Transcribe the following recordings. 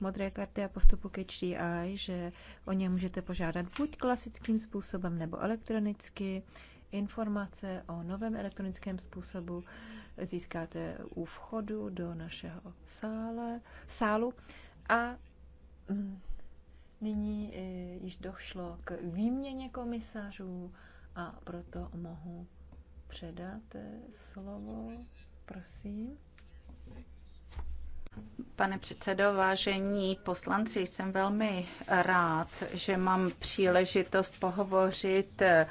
modré karty a postupu ke HDI, že o ně můžete požádat buď klasickým způsobem nebo elektronicky. Informace o novém elektronickém způsobu získáte u vchodu do našeho sále, sálu a mm, nyní e, již došlo k výměně komisařů a proto mohu předat e, slovo, prosím. Pane předsedo, vážení poslanci, jsem velmi rád, že mám příležitost pohovořit eh,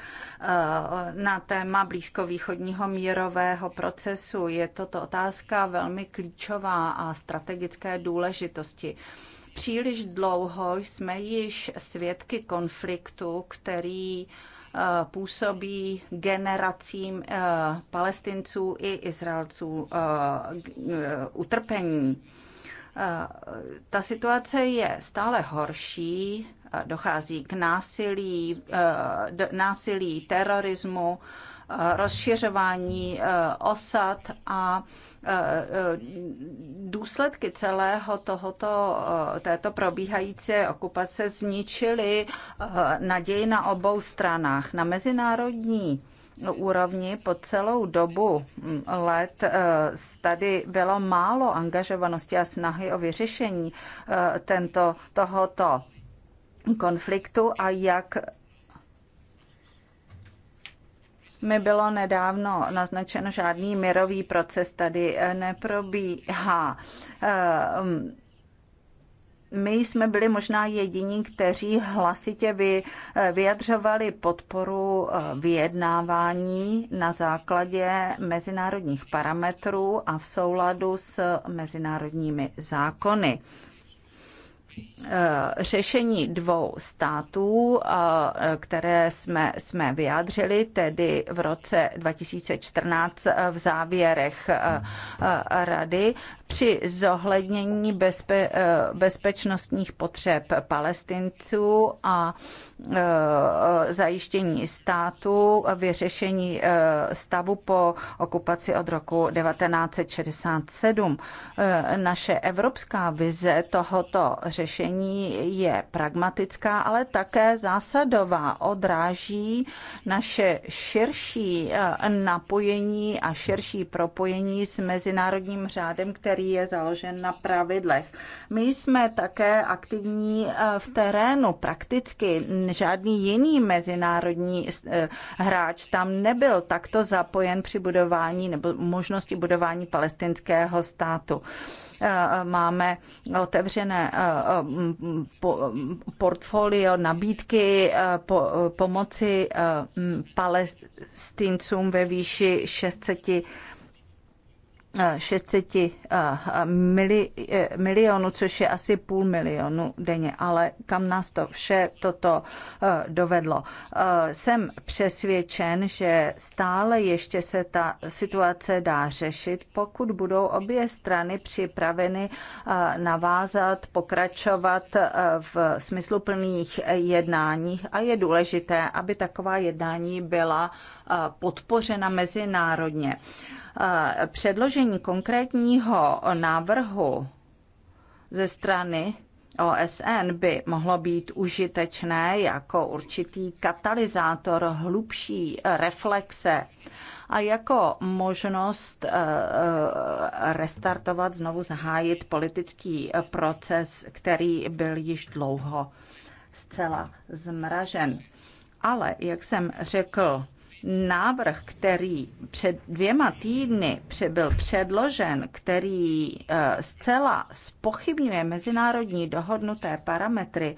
na téma blízkovýchodního mírového procesu. Je toto otázka velmi klíčová a strategické důležitosti. Příliš dlouho jsme již svědky konfliktu, který Eh, působí generacím eh, palestinců i Izraelců eh, utrpení. Ta situace je stále horší, dochází k násilí, násilí, terorismu Eh, rozšiřování eh, osad a eh, důsledky celého tohoto, této probíhající okupace zničily naději na obou stranách. Na mezinárodní úrovni po celou dobu mm, let tady bylo málo angažovanosti a snahy o vyřešení tento, tohoto konfliktu a jak mi bylo nedávno naznačeno, žádný mirový proces tady eh, neprobíhá eh, my jsme byli možná jediní, kteří hlasitě vy, eh, vyjadřovali podporu vyjednávání na základě mezinárodních parametrů a v souladu s mezinárodními zákony. Eh, řešení dvou států, eh, které jsme, jsme vyjádřili, tedy v roce 2014 eh, v závěrech rady, při zohlednění bezpe, eh, bezpečnostních potřeb palestinců a eh, zajištění státu, vyřešení eh, stavu po okupaci od roku 1967. Naše evropská vize tohoto řešení je pragmatická, ale také zásadová. Odráží naše širší napojení a širší propojení s mezinárodním řádem, který který je založen na pravidlech. My jsme také aktivní eh, v terénu, prakticky žádný jiný mezinárodní eh, hráč tam nebyl takto zapojen při budování nebo možnosti budování palestinského státu eh, máme otevřené portfolio nabídky pomoci palestincům ve výši 600 600 eh, mili, eh, milionů, což je asi půl milionu denně, ale kam nás to vše toto eh, dovedlo. Jsem přesvědčen, že stále ještě se ta situace dá řešit, pokud budou obě strany připraveny navázat, pokračovat v smysluplných jednáních a je důležité, aby taková jednání byla podpořena mezinárodně. Předložení konkrétního návrhu ze strany OSN by mohlo být užitečné jako určitý katalyzátor hlubší reflexe a jako možnost e, e, restartovat, znovu zahájit politický proces, který byl již dlouho zcela zmražen. Ale, jak jsem řekl, návrh, který před dvěma týdny byl předložen, který eh, zcela spochybňuje mezinárodní dohodnuté parametry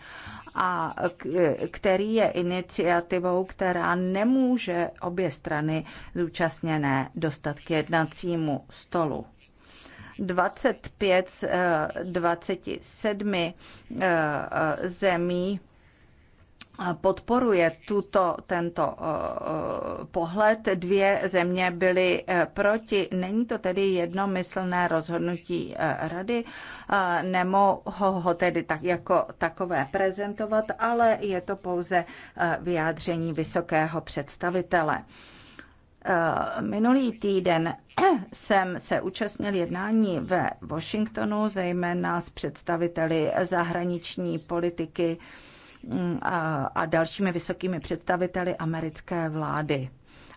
a eh, který je iniciativou, která nemůže obě strany zúčastněné dostat k jednacímu stolu. 25 z 27 eh, zemí podporuje tuto, tento eh, eh, pohled. Dvě země byly eh, proti. Není to tedy jednomyslné rozhodnutí rady. Nemohu ho tedy tak jako takové prezentovat, ale je to pouze vyjádření vysokého představitele. Minulý týden jsem se účastnil jednání ve Washingtonu, zejména s představiteli zahraniční politiky Mm, a, a dalšími vysokými představiteli americké vlády.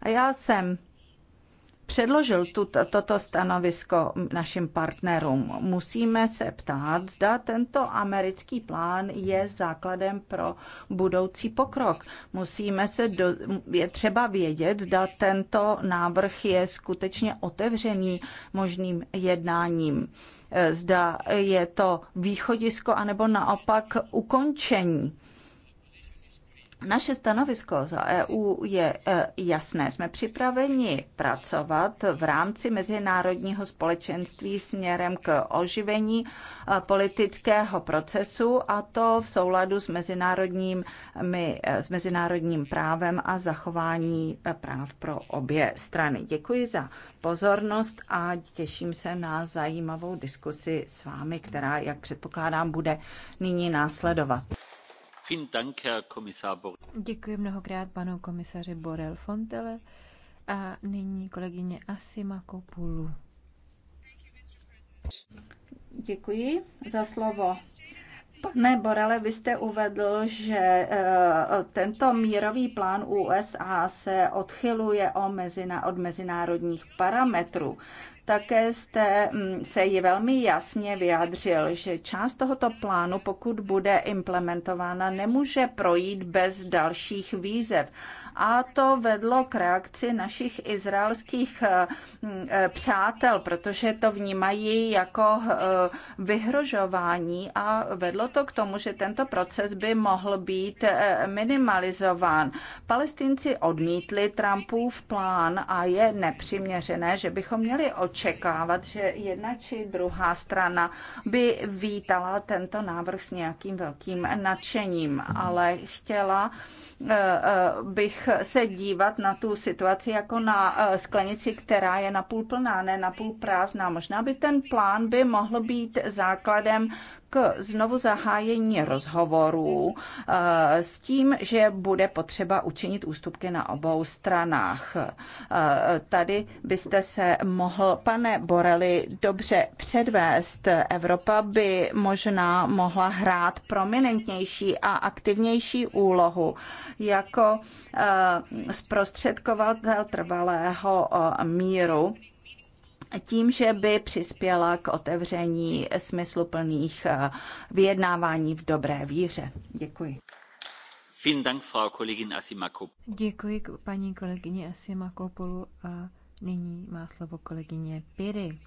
A já jsem předložil tuto, toto stanovisko našim partnerům. Musíme se ptát, zda tento americký plán je základem pro budoucí pokrok. Musíme se do, je třeba vědět, zda tento návrh je skutečně otevřený možným jednáním. Zda je to východisko anebo naopak ukončení naše stanovisko za EU je e, jasné. Jsme připraveni pracovat v rámci mezinárodního společenství směrem k oživení e, politického procesu a to v souladu s, mezinárodním, my, e, s mezinárodním právem a zachování práv pro obě strany. Děkuji za pozornost a těším se na zajímavou diskusi s vámi, která, jak předpokládám, bude nyní následovat. Děkuji mnohokrát panu komisaři Borel Fontele a nyní kolegyně Asima Kopulu. Děkuji za slovo. Pane Borele, vy jste uvedl, že eh, tento mírový plán USA se odchyluje od mezinárodních parametrů. Také jste mm, se ji velmi jasně vyjádřil, že část tohoto plánu, pokud bude implementována, nemůže projít bez dalších výzev a to vedlo k reakci našich izraelských eh, eh, přátel, protože to vnímají jako eh, vyhrožování a vedlo to k tomu, že tento proces by mohl být minimalizován. Palestinci odmítli Trumpův plán a je nepřiměřené, že bychom měli očekávat, že jedna či druhá strana by vítala tento návrh s nějakým velkým nadšením, ale chtěla Eh, eh, bych se dívat na tu situaci jako na eh, sklenici, která je napůl plná, ne napůl prázdná. Možná by ten plán by mohl být základem k znovu zahájení rozhovorů eh, s tím, že bude potřeba učinit ústupky na obou stranách. Eh, tady byste se mohl, pane Boreli, dobře předvést. Evropa by možná mohla hrát prominentnější a aktivnější úlohu jako eh, zprostředkovatel trvalého míru tím, že by přispěla k otevření smysluplných eh, vyjednávání v dobré víře. Děkuji. Děkuji paní kolegyni Asimakopolu a nyní má slovo kolegyně Piry.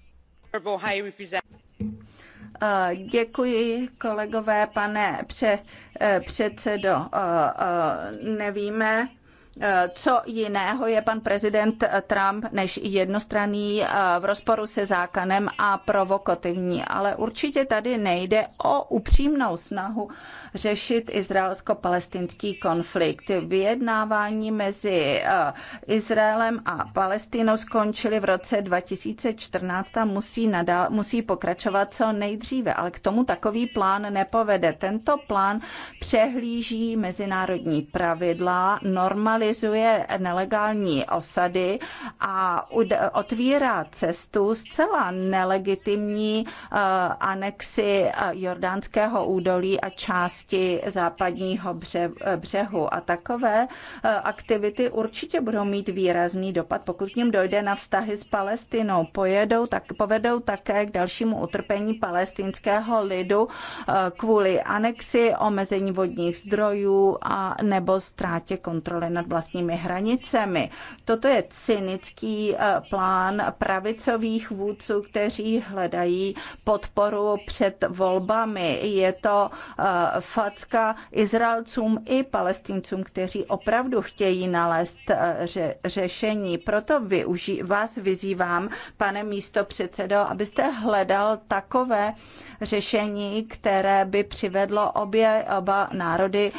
Eh, děkuji, kolegové, pane pře, eh, předsedo. Nevíme, co jiného je pan prezident Trump než jednostranný eh, v rozporu se zákonem a provokativní. Ale určitě tady nejde o upřímnou snahu řešit izraelsko-palestinský konflikt. Vyjednávání mezi eh, Izraelem a Palestinou skončily v roce 2014 a musí, nadal, musí pokračovat co nejdříve, ale k tomu takový plán nepovede. Tento plán přehlíží mezinárodní pravidla, normalizace legalizuje nelegální osady a otvírá cestu zcela nelegitimní eh, anexi eh, Jordánského údolí a části západního břehu. A takové eh, aktivity určitě budou mít výrazný dopad, pokud k ním dojde na vztahy s Palestinou. Pojedou, tak, povedou také k dalšímu utrpení palestinského lidu kvůli anexi, omezení vodních zdrojů a nebo ztrátě kontroly nad vlastním vlastními hranicemi. Toto je cynický eh, plán pravicových vůdců, kteří hledají podporu před volbami. Je to eh, facka Izraelcům i palestincům, kteří opravdu chtějí nalézt eh, ře- řešení. Proto využi- vás vyzývám, pane místo předsedo, abyste hledal takové řešení, které by přivedlo obě oba národy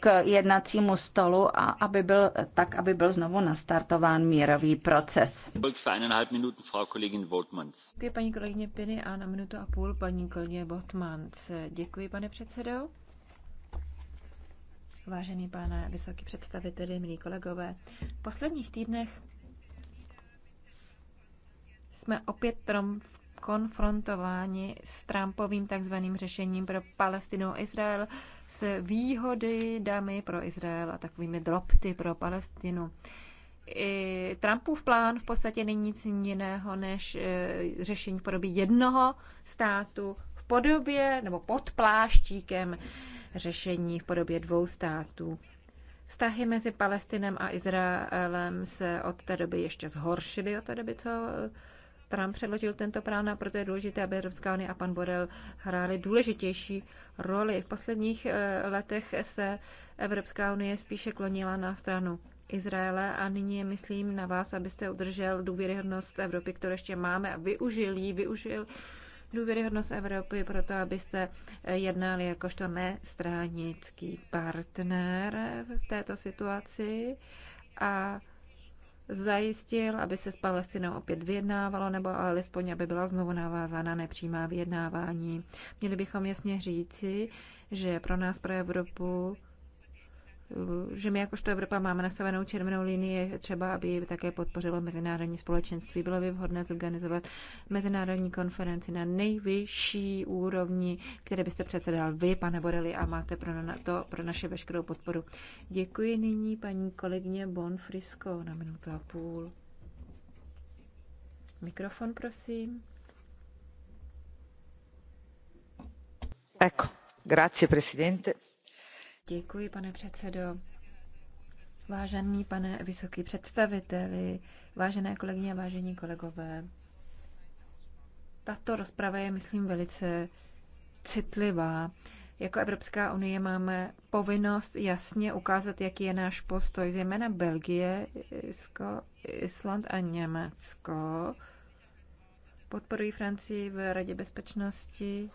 k jednacímu stolu a aby byl byl tak, aby byl znovu nastartován mírový proces. Děkuji paní kolegyně Piny a na minutu a půl paní kolegyně Botmans. Děkuji, pane předsedo. Vážený pane vysoký představiteli, milí kolegové, v posledních týdnech jsme opět trom v konfrontováni s Trumpovým takzvaným řešením pro Palestinu a Izrael s výhody dámy pro Izrael a takovými dropty pro Palestinu. I Trumpův plán v podstatě není nic jiného než e, řešení v podobě jednoho státu v podobě nebo pod pláštíkem řešení v podobě dvou států. Vztahy mezi Palestinem a Izraelem se od té doby ještě zhoršily, od té doby, co Trump předložil tento plán a proto je důležité, aby Evropská unie a pan Borel hráli důležitější roli. V posledních eh, letech se Evropská unie spíše klonila na stranu Izraele a nyní je, myslím, na vás, abyste udržel důvěryhodnost Evropy, kterou ještě máme a využil ji, využil důvěryhodnost Evropy pro to, abyste eh, jednali jakožto nestránický partner v této situaci a zajistil, aby se s Palestinou opět vyjednávalo, nebo alespoň, aby byla znovu navázána nepřímá vyjednávání. Měli bychom jasně říci, že pro nás, pro Evropu, že my jakožto Evropa máme nastavenou červenou linii, třeba aby také podpořilo mezinárodní společenství. Bylo by vhodné zorganizovat mezinárodní konferenci na nejvyšší úrovni, které byste předsedal vy, pane Borelli, a máte pro na to pro naše veškerou podporu. Děkuji nyní paní kolegyně Bonfrisko na minutu a půl. Mikrofon, prosím. Ecco, grazie Presidente. Děkuji, pane předsedo. Vážený pane vysoký představiteli, vážené kolegyně a vážení kolegové, tato rozprava je, myslím, velice citlivá. Jako Evropská unie máme povinnost jasně ukázat, jaký je náš postoj, zejména Belgie, Isko, Island a Německo. Podporují Francii v Radě bezpečnosti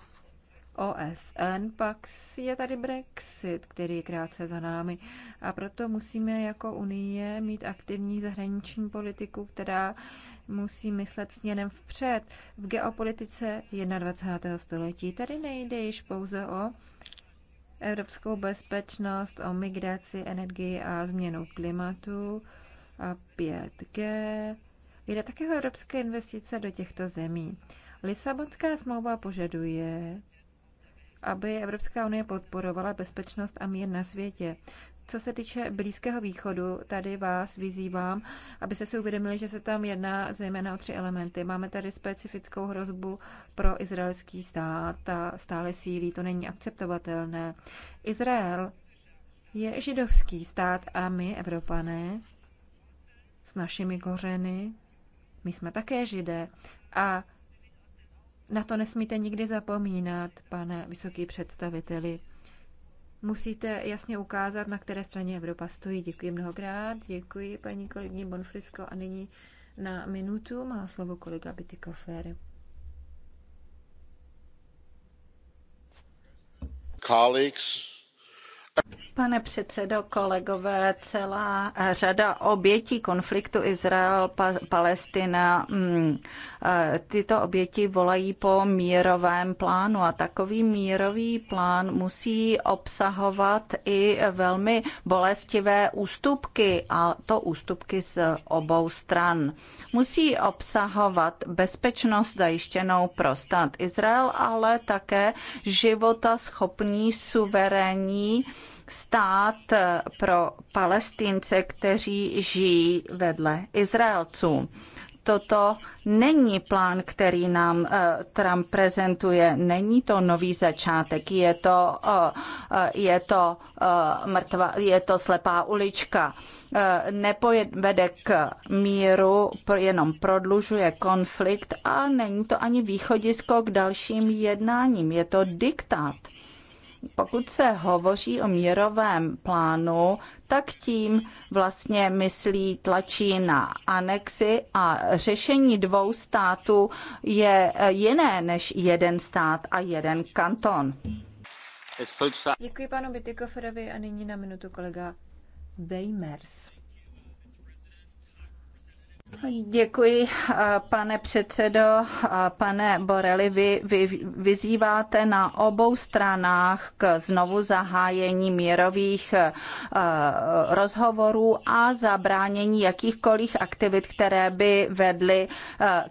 OSN, pak je tady Brexit, který je krátce za námi. A proto musíme jako Unie mít aktivní zahraniční politiku, která musí myslet směrem vpřed. V geopolitice 21. století tady nejde již pouze o evropskou bezpečnost, o migraci, energii a změnu klimatu a 5G. Jde také o evropské investice do těchto zemí. Lisabonská smlouva požaduje aby Evropská unie podporovala bezpečnost a mír na světě. Co se týče Blízkého východu, tady vás vyzývám, aby se si uvědomili, že se tam jedná zejména o tři elementy. Máme tady specifickou hrozbu pro izraelský stát a stále sílí, to není akceptovatelné. Izrael je židovský stát a my, Evropané, s našimi kořeny, my jsme také židé a na to nesmíte nikdy zapomínat, pane vysoký představiteli. Musíte jasně ukázat, na které straně Evropa stojí. Děkuji mnohokrát. Děkuji paní kolegyně Bonfrisko a nyní na minutu má slovo kolega Bitykofer. Colleagues, Pane předsedo, kolegové, celá řada obětí konfliktu Izrael-Palestina, mm, eh, tyto oběti volají po mírovém plánu a takový mírový plán musí obsahovat i velmi bolestivé ústupky a to ústupky z obou stran. Musí obsahovat bezpečnost zajištěnou pro stát Izrael, ale také života schopný suverénní stát pro palestince, kteří žijí vedle Izraelců toto není plán, který nám eh, Trump prezentuje. Není to nový začátek, je to, eh, je to, eh, mrtva, je to slepá ulička. Nepovede k míru, jenom prodlužuje konflikt a není to ani východisko k dalším jednáním. Je to diktát. Pokud se hovoří o mírovém plánu, tak tím vlastně myslí tlačí na anexi a řešení dvou států je jiné než jeden stát a jeden kanton. Děkuji panu Bitykoferovi a nyní na minutu kolega Weimers. Děkuji, eh, pane předsedo. Eh, pane Boreli, vy, vy vyzýváte na obou stranách k znovu zahájení mírových eh, rozhovorů a zabránění jakýchkoliv aktivit, které by vedly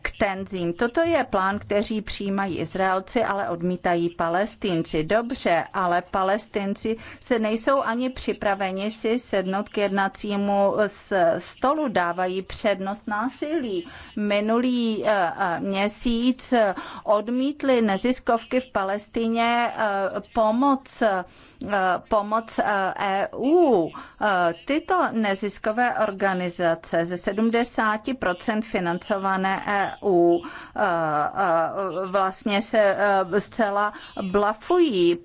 k tenzím. Toto je plán, který přijímají Izraelci, ale odmítají Palestinci. Dobře, ale Palestinci se nejsou ani připraveni si sednout k jednacímu stolu, dávají přednost násilí. Minulý eh, eh, měsíc eh, odmítly neziskovky v Palestině pomoc pomoc EU. E tyto neziskové organizace ze 70% financované EU vlastně se zcela blafují.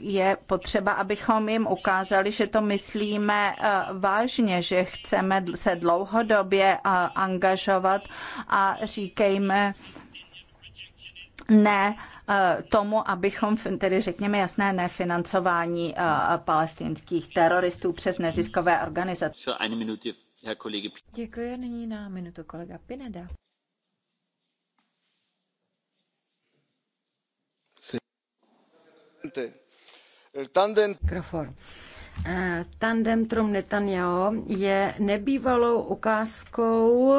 Je potřeba, abychom jim ukázali, že to myslíme vážně, že chceme se dlouhodobě angažovat a říkejme ne eh, tomu, abychom tedy řekněme jasné nefinancování eh, palestinských teroristů přes neziskové organizace. Děkuji, nyní na minutu kolega Pineda. Mikrofon. Eh, Tandem Trum Netanyahu je nebývalou ukázkou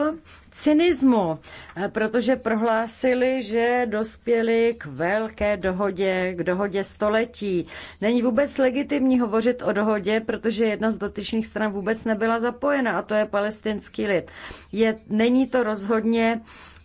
cynismu, eh, protože prohlásili, že dospěli k velké dohodě, k dohodě století. Není vůbec legitimní hovořit o dohodě, protože jedna z dotyčných stran vůbec nebyla zapojena a to je palestinský lid. Je, není to rozhodně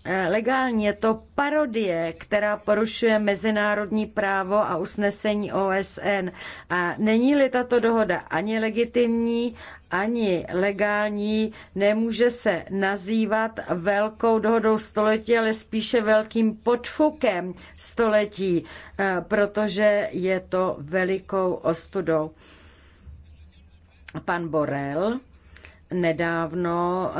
Eh, legální. Je to parodie, která porušuje mezinárodní právo a usnesení OSN. A není-li tato dohoda ani legitimní, ani legální, nemůže se nazývat velkou dohodou století, ale spíše velkým podfukem století, eh, protože je to velikou ostudou. Pan Borel nedávno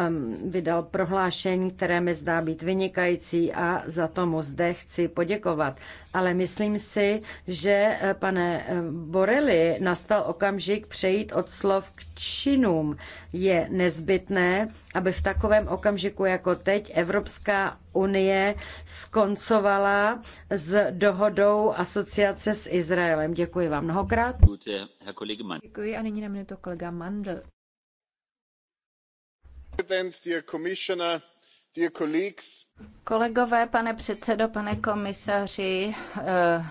vydal prohlášení, které mi zdá být vynikající a za tomu zde chci poděkovat. Ale myslím si, že eh, pane eh, Borelli nastal okamžik přejít od slov k činům. Je nezbytné, aby v takovém okamžiku jako teď Evropská unie skoncovala s dohodou asociace s Izraelem. Děkuji vám mnohokrát. Děkuji a nyní na minutu kolega Mandl. Kolegové, pane předsedo, pane komisaři, eh,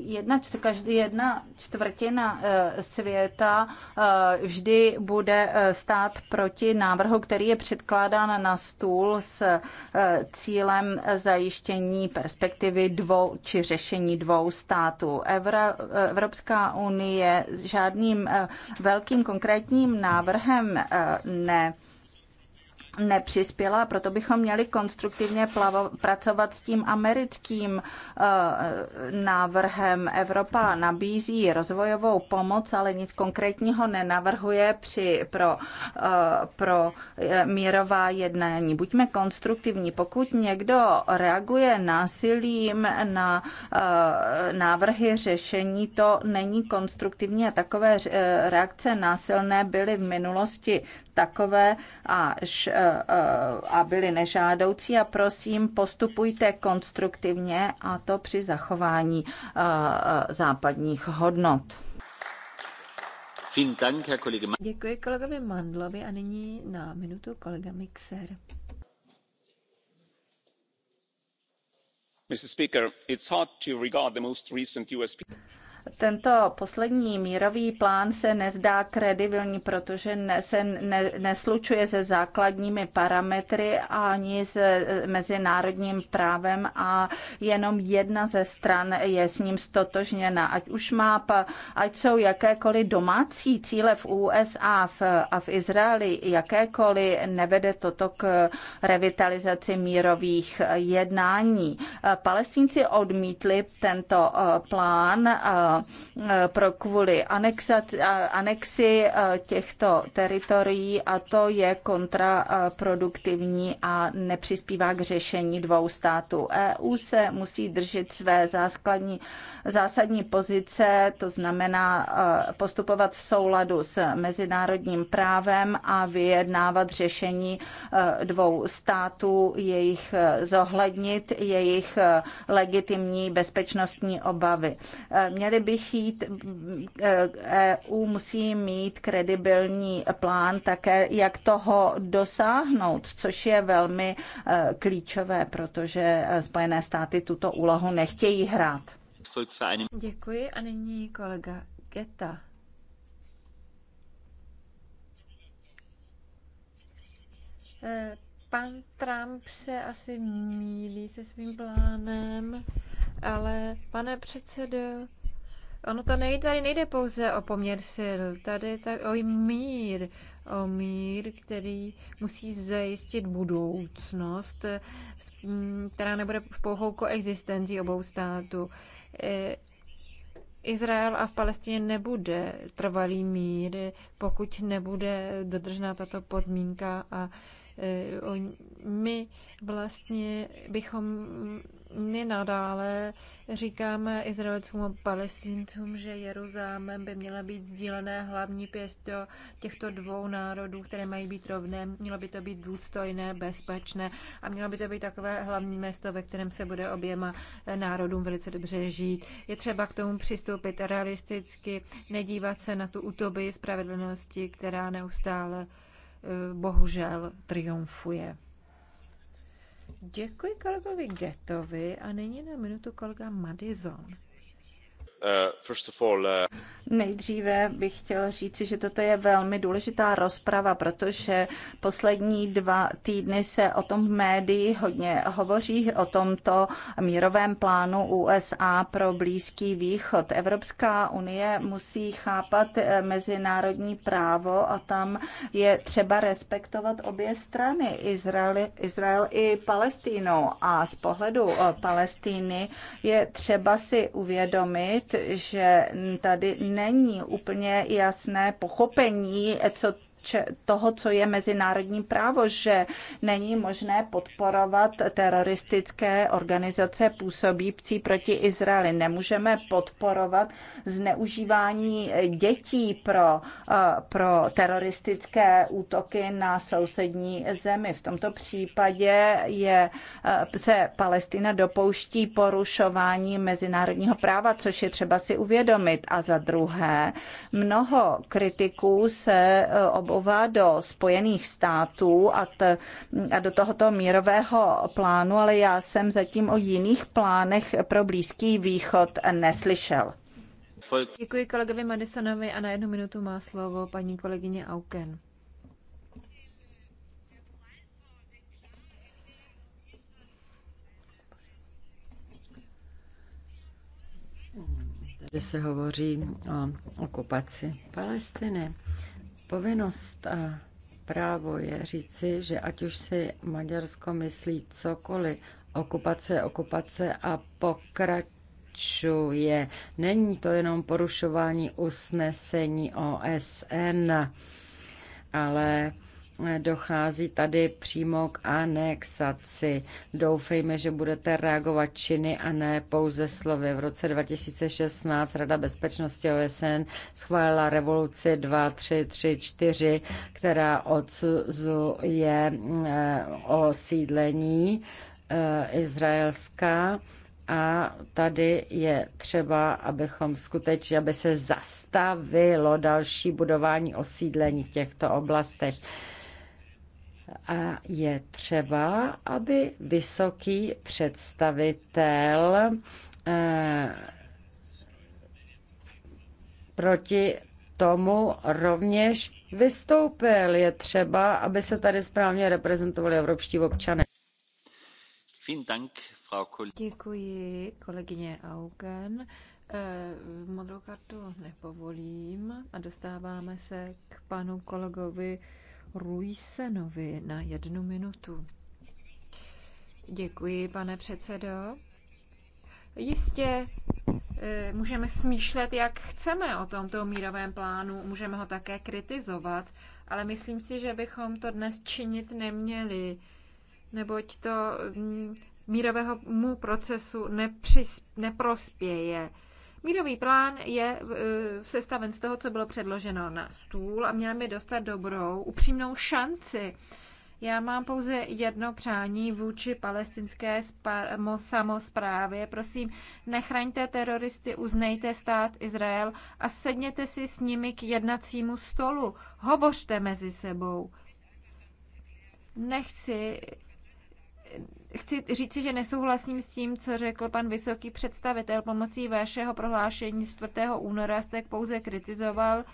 jedna, každý jedna čtvrtina eh, světa eh, vždy bude eh, stát proti návrhu, který je předkládán na stůl s cílem zajištění perspektivy dvou či řešení dvou států. Evropská unie žádným velkým konkrétním návrhem ne nepřispěla proto bychom měli konstruktivně plavo, pracovat s tím americkým e, návrhem. Evropa nabízí rozvojovou pomoc, ale nic konkrétního nenavrhuje při, pro, e, pro eh, mírová jednání. Buďme konstruktivní. Pokud někdo reaguje násilím na e, návrhy řešení, to není konstruktivní a takové reakce násilné byly v minulosti takové až, a e, e, byly nežádoucí a prosím postupujte konstruktivně a to při zachování e, západních hodnot. Děkuji kolegovi Mandlovi a nyní na minutu kolega Mixer. Mr. Speaker, it's hard to regard the most recent USP. Tento poslední mírový plán se nezdá kredibilní, protože ne, se ne, neslučuje se základními parametry ani s eh, mezinárodním právem a jenom jedna ze stran je s ním stotožněna. Ať už má, ať jsou jakékoliv domácí cíle v USA v, a v Izraeli, jakékoliv nevede toto k revitalizaci mírových eh, jednání. Eh, palestinci odmítli tento plán pro kvůli anexi e, těchto teritorií a to je kontraproduktivní a nepřispívá k řešení dvou států. EU se musí držet své základní, zásadní pozice, to znamená e, postupovat v souladu s mezinárodním právem a vyjednávat řešení e, dvou států, jejich zohlednit, jejich legitimní bezpečnostní obavy. Měli bych jít, EU eh, e musí mít kredibilní plán také, jak toho dosáhnout, což je velmi eh, klíčové, protože eh, Spojené státy tuto úlohu nechtějí hrát. Děkuji a nyní kolega Geta. Pan Trump se asi mílí se svým plánem, ale pane předsedo, Ono to nejde, tady nejde pouze o poměr sil, tady tak o mír, o mír, který musí zajistit budoucnost, která nebude pouhou koexistencí obou států. E, Izrael a v Palestině nebude trvalý mír, pokud nebude dodržena tato podmínka a e, my vlastně bychom my nadále říkáme Izraelcům a Palestincům, že Jeruzalémem by měla být sdílené hlavní pěsto těchto dvou národů, které mají být rovné. Mělo by to být důstojné, bezpečné a mělo by to být takové hlavní město, ve kterém se bude oběma národům velice dobře žít. Je třeba k tomu přistoupit realisticky, nedívat se na tu utopii spravedlnosti, která neustále eh, bohužel triumfuje. Děkuji kolegovi Getovi a nyní na minutu kolega Madison. Eh, eh, Nejdříve bych chtěl říci, že toto je velmi důležitá rozprava, protože poslední dva týdny se o tom v médii hodně hovoří, o tomto mírovém plánu USA pro Blízký východ. Evropská unie musí chápat eh, mezinárodní právo a tam je třeba respektovat obě strany, Izrael, Izrael i Palestínu. A z pohledu Palestíny je třeba si uvědomit, že tady není úplně jasné pochopení, co toho, co je mezinárodní právo, že není možné podporovat teroristické organizace působící proti Izraeli. Nemůžeme podporovat zneužívání dětí pro, eh, pro teroristické útoky na sousední zemi. V tomto případě je, eh, se Palestina dopouští porušování mezinárodního práva, což je třeba si uvědomit. A za druhé, mnoho kritiků se eh, ob. Trumpova do Spojených států a, t, a do tohoto mírového plánu, ale já jsem zatím o jiných plánech pro Blízký východ neslyšel. Děkuji kolegovi Madisonovi a na jednu minutu má slovo paní kolegyně Auken. Tady se hovoří o okupaci Palestiny. Povinnost a právo je říci, že ať už si Maďarsko myslí cokoliv, okupace, okupace a pokračuje. Není to jenom porušování usnesení OSN, ale Dochází tady přímo k anexaci. Doufejme, že budete reagovat činy a ne pouze slovy. V roce 2016 Rada bezpečnosti OSN schválila revoluci 2334, která odsuzuje eh, osídlení eh, Izraelská. A tady je třeba, abychom skutečně, aby se zastavilo další budování osídlení v těchto oblastech a je třeba, aby vysoký představitel eh, proti tomu rovněž vystoupil. Je třeba, aby se tady správně reprezentovali evropští občané. Děkuji, kolegyně Augen. Eh, modrou kartu nepovolím a dostáváme se k panu kolegovi Ruisenovi na jednu minutu. Děkuji, pane předsedo. Jistě eh, můžeme smýšlet, jak chceme o tomto mírovém plánu, můžeme ho také kritizovat, ale myslím si, že bychom to dnes činit neměli, neboť to mm, mírového mu procesu neprospěje. Mírový plán je eh, sestaven z toho, co bylo předloženo na stůl a měl mi dostat dobrou, upřímnou šanci. Já mám pouze jedno přání vůči palestinské samozprávě. Prosím, nechraňte teroristy, uznejte stát Izrael a sedněte si s nimi k jednacímu stolu. Hovořte mezi sebou. Nechci Chci říci, že nesouhlasím s tím, co řekl pan vysoký představitel. Pomocí vašeho prohlášení 4. února jste pouze kritizoval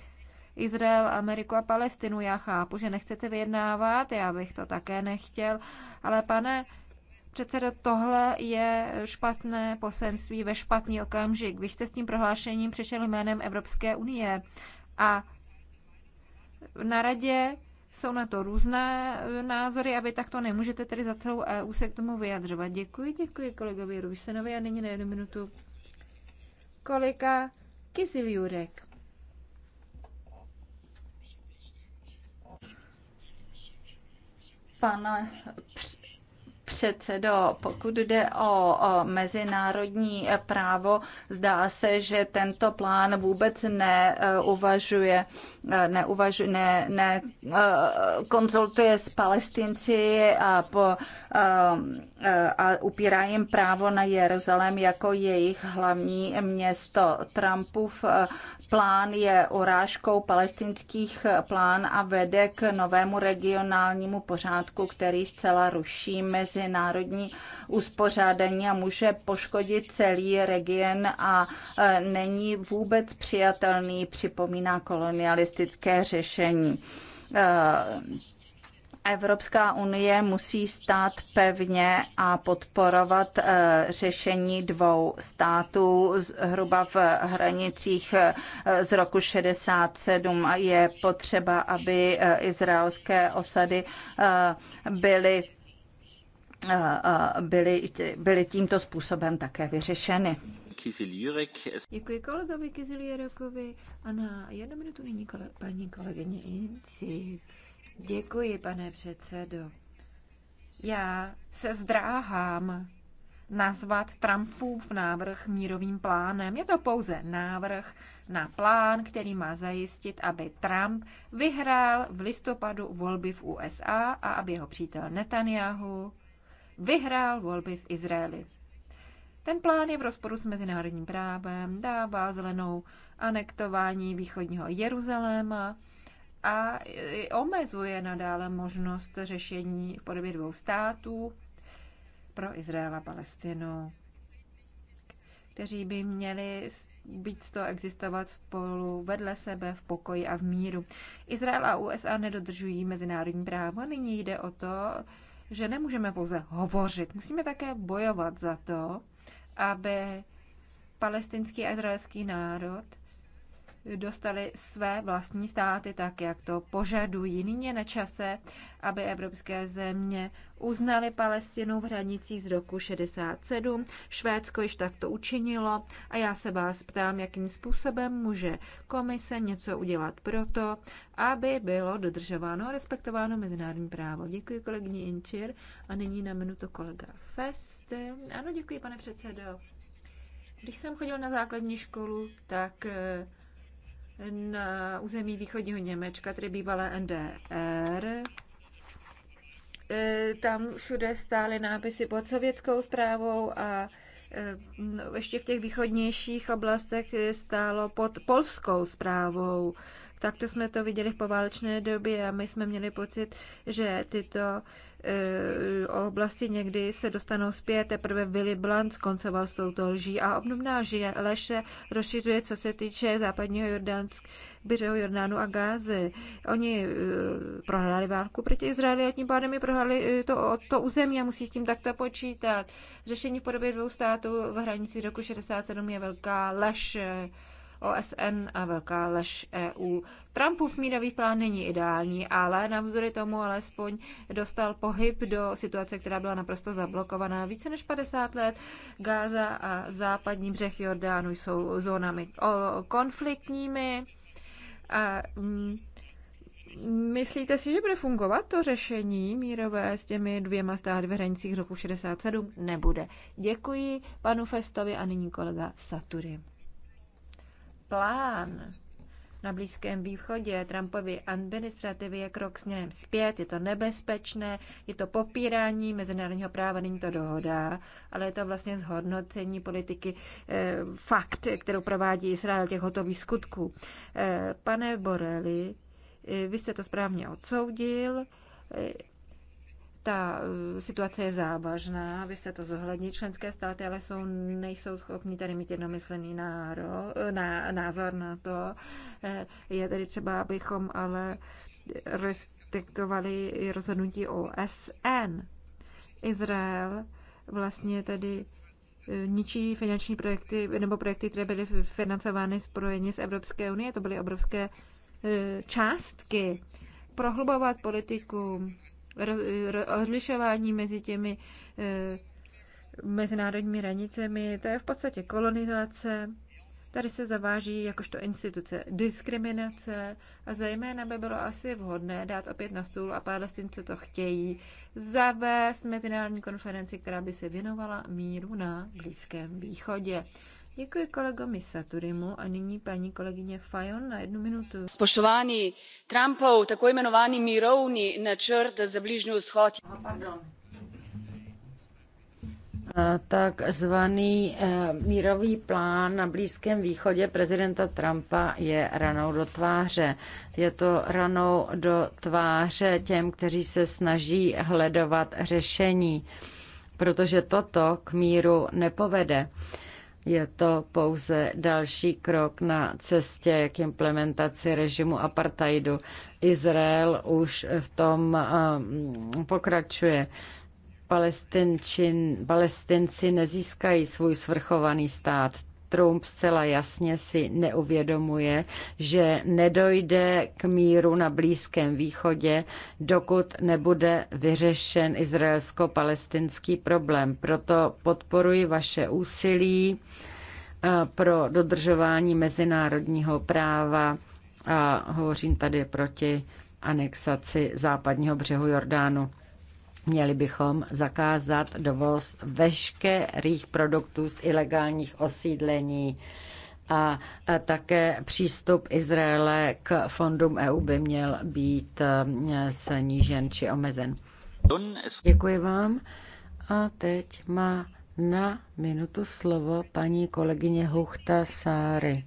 Izrael, Ameriku a Palestinu. Já chápu, že nechcete vyjednávat, já bych to také nechtěl, ale pane předsedo, tohle je špatné poselství ve špatný okamžik. Vy jste s tím prohlášením přišel jménem Evropské unie a na radě jsou na to různé eh, názory a vy to nemůžete tedy za celou EU se k tomu vyjadřovat. Děkuji, děkuji kolegovi Rusenovi a nyní na jednu minutu Kolika? Kisiljurek. Pane předsedo, pokud jde o, mezinárodní právo, zdá se, že tento plán vůbec neuvažuje, neuvažu, ne, ne eh, konzultuje s palestinci a, po, a, eh, a upírá jim právo na Jeruzalém jako jejich hlavní město. Trumpův eh, plán je urážkou palestinských plán a vede k novému regionálnímu pořádku, který zcela ruší mezi mezinárodní uspořádání a může poškodit celý region a e, není vůbec přijatelný, připomíná kolonialistické řešení. E, Evropská unie musí stát pevně a podporovat e, řešení dvou států zhruba v hranicích z roku 67. Je potřeba, aby izraelské osady byly byly, byly tímto způsobem také vyřešeny. Děkuji kolegovi Kiziljurekovi a na jednu minutu nyní kole, paní kolegyně Inci. Děkuji, pane předsedo. Já se zdráhám nazvat Trumpův návrh mírovým plánem. Je to pouze návrh na plán, který má zajistit, aby Trump vyhrál v listopadu volby v USA a aby jeho přítel Netanyahu vyhrál volby v Izraeli. Ten plán je v rozporu s mezinárodním právem, dává zelenou anektování východního Jeruzaléma a omezuje nadále možnost řešení v podobě dvou států pro Izrael a Palestinu, kteří by měli být to existovat spolu vedle sebe v pokoji a v míru. Izrael a USA nedodržují mezinárodní právo, nyní jde o to, že nemůžeme pouze hovořit, musíme také bojovat za to, aby palestinský a izraelský národ dostali své vlastní státy tak, jak to požadují. Nyní je na čase, aby evropské země uznaly Palestinu v hranicích z roku 67. Švédsko již takto učinilo a já se vás ptám, jakým způsobem může komise něco udělat proto, aby bylo dodržováno a respektováno mezinárodní právo. Děkuji kolegyni Inčir a nyní na minutu kolega Fest. Ano, děkuji, pane předsedo. Když jsem chodil na základní školu, tak eh, na území východního Němečka, tedy bývalé NDR. E, tam všude stály nápisy pod sovětskou zprávou a e, ještě v těch východnějších oblastech stálo pod polskou zprávou. Takto jsme to viděli v poválečné době a my jsme měli pocit, že tyto e, oblasti někdy se dostanou zpět. Teprve Willy Blunt skoncoval s touto lží a obnovná žije Leše rozšiřuje, co se týče západního Jordánsk, břehu Jordánu a Gázy. Oni e, prohráli válku proti Izraeli a tím pádem i prohráli e, to, to území a musí s tím takto počítat. Řešení v podobě dvou států v hranici roku 67 je velká lež. OSN a velká lež EU. Trumpův mírový plán není ideální, ale navzdory tomu alespoň dostal pohyb do situace, která byla naprosto zablokovaná. Více než 50 let Gáza a západní břeh Jordánu jsou zónami konfliktními. A, mm, Myslíte si, že bude fungovat to řešení mírové s těmi dvěma státy v hranicích roku 67? Nebude. Děkuji panu Festovi a nyní kolega Saturi plán na Blízkém východě Trumpovy administrativy je krok směrem zpět, je to nebezpečné, je to popírání mezinárodního práva, není to dohoda, ale je to vlastně zhodnocení politiky e, fakt, kterou provádí Izrael těch hotových skutků. E, pane Borelli, eh, vy jste to správně odsoudil, ta eh, situace je závažná, vy se to zohlední, členské státy ale jsou, nejsou schopni tady mít jednomyslný náro, eh, ná, názor na to. Eh, je tedy třeba, abychom ale respektovali rozhodnutí OSN. Izrael vlastně tedy ničí finanční projekty nebo projekty, které byly financovány spojeně z Evropské unie. To byly obrovské částky. Prohlubovat politiku rozlišování mezi těmi eh, mezinárodními hranicemi, to je v podstatě kolonizace. Tady se zaváží jakožto instituce diskriminace a zejména by bylo asi vhodné dát opět na stůl a palestinci to chtějí, zavést mezinárodní konferenci, která by se věnovala míru na Blízkém východě. Děkuji kolegovi Saturimu a nyní paní kolegyně Fajon na jednu minutu. Spoštovani, Trumpov tako imenovani mirovni načrt za Bližnji vzhod. Aha, pardon takzvaný e, mírový plán na Blízkém východě prezidenta Trumpa je ranou do tváře. Je to ranou do tváře těm, kteří se snaží hledovat řešení, protože toto k míru nepovede. Je to pouze další krok na cestě k implementaci režimu apartheidu. Izrael už v tom ehm, pokračuje. Palestinci nezískají svůj svrchovaný stát. Trump zcela jasně si neuvědomuje, že nedojde k míru na Blízkém východě, dokud nebude vyřešen izraelsko-palestinský problém. Proto podporuji vaše úsilí eh, pro dodržování mezinárodního práva a hovořím tady proti anexaci západního břehu Jordánu. Měli bychom zakázat dovoz veškerých produktů z ilegálních osídlení a také přístup Izraele k fondům EU by měl být e, snížen či omezen. Děkuji vám. A teď má na minutu slovo paní kolegyně Huchta Sáry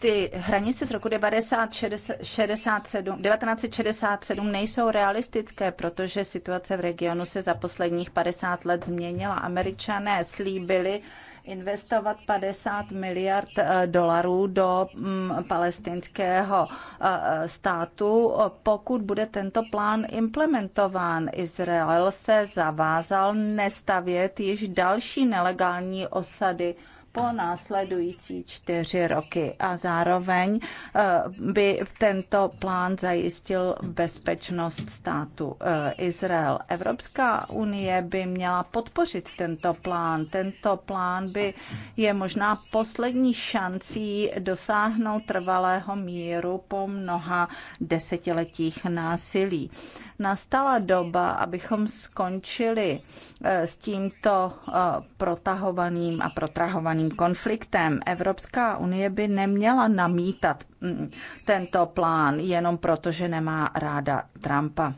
ty hranice z roku 90, 60, 67, 1967 nejsou realistické, protože situace v regionu se za posledních 50 let změnila. Američané slíbili, investovat 50 miliard eh, dolarů do mm, palestinského eh, státu, pokud bude tento plán implementován. Izrael se zavázal nestavět již další nelegální osady po následující čtyři roky a zároveň eh, by tento plán zajistil bezpečnost státu eh, Izrael. Evropská unie by měla podpořit tento plán. Tento plán by je možná poslední šancí dosáhnout trvalého míru po mnoha desetiletích násilí. Nastala doba, abychom skončili eh, s tímto eh, protahovaným a protrahovaným konfliktem. Evropská unie by neměla namítat mm, tento plán jenom proto, že nemá ráda Trumpa.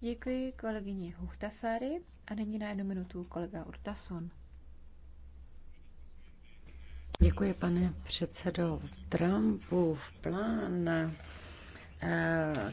Děkuji kolegyni Huchtasary a nyní na jednu minutu kolega Urtason. Děkuji, pane předsedo. Trumpův plán eh,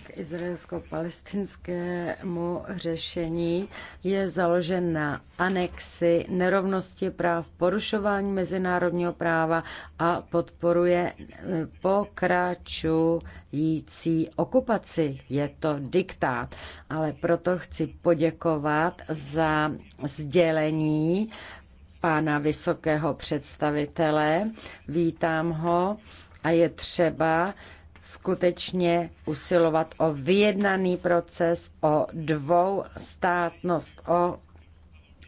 k izraelsko-palestinskému řešení je založen na anexi nerovnosti práv, porušování mezinárodního práva a podporuje eh, pokračující okupaci. Je to diktát, ale proto chci poděkovat za sdělení pána vysokého představitele. Vítám ho a je třeba skutečně usilovat o vyjednaný proces, o dvou státnost, o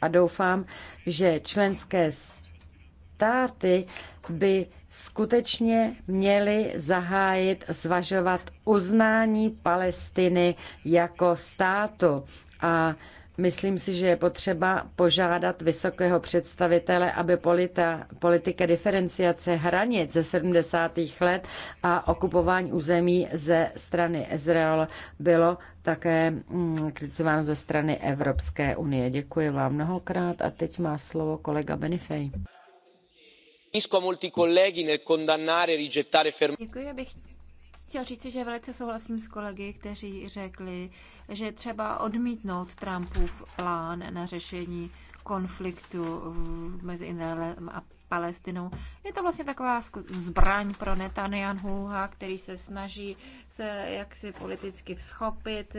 a doufám, že členské státy by skutečně měli zahájit zvažovat uznání Palestiny jako státu a Myslím si, že je potřeba požádat vysokého představitele, aby polita, politika diferenciace hranic ze 70. let a okupování území ze strany Izrael bylo také mm, kritizováno ze strany Evropské unie. Děkuji vám mnohokrát a teď má slovo kolega Benifej. E Děkuji, abych chtěl říct, že velice souhlasím s kolegy, kteří řekli, že třeba odmítnout Trumpův plán na řešení konfliktu mezi Izraelem a Palestinou. Je to vlastně taková zbraň pro Netanyahu, který se snaží se jaksi politicky vzchopit,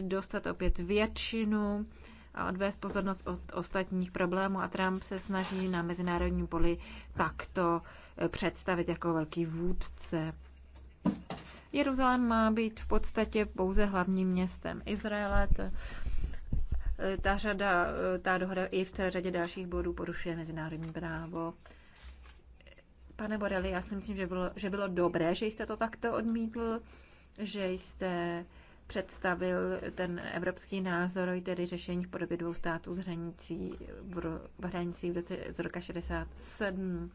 dostat opět většinu a odvést pozornost od ostatních problémů a Trump se snaží na mezinárodním poli takto eh, představit jako velký vůdce. Jeruzalém má být v podstatě pouze hlavním městem Izraele. To, eh, ta, řada, eh, ta dohoda i v té řadě dalších bodů porušuje mezinárodní právo. Pane Borelli, já si myslím, že bylo, že bylo dobré, že jste to takto odmítl, že jste představil ten evropský názor, tedy řešení v podobě dvou států s hranicí v, v hranicích roce, z roka 67.